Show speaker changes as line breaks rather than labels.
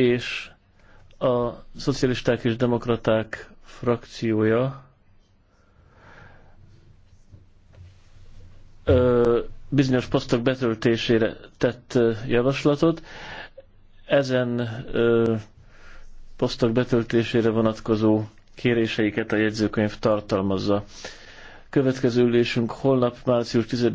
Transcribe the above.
és a szocialisták és demokraták frakciója ö, bizonyos posztok betöltésére tett javaslatot. Ezen ö, posztok betöltésére vonatkozó kéréseiket a jegyzőkönyv tartalmazza. Következő ülésünk holnap, március 10